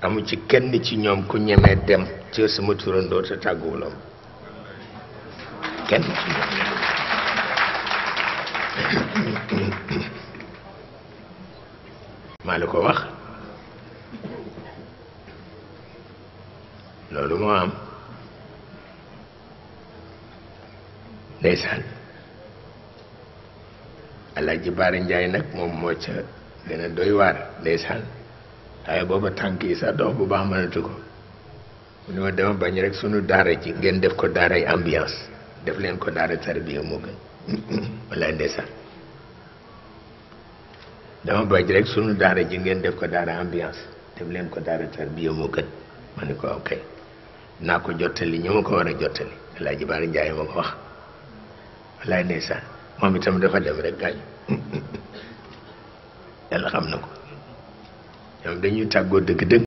amu ci kenn ci ñoom ku ñemee dem ci sama turandoo te tàgguwulam kenn ci ñoom maa la ko wax loolu moo am ndeysaan Alaaji Baara Njaay nag mom mo ca gën a doy waar ndeysaan waaye booba tànk yi sax dox bu baax mënatu ko mu ne ma dama bañ rek sunu daara ji ngeen def ko daaray ambiance def leen ko daara tarbiya moo gën wala ndeysaan dama bañ rek sunu daara ji ngeen def ko daara ambiance def leen ko daara tarbiya moo ma ne ko ok naa ko jottali ñu ma ko war a jottali Alaaji Baara Njaay ma ko wax wala ndeysaan moom itam dafa dem rek gaañ yàlla xam na ko yow dañuy tàggoo dëgg-dëgg.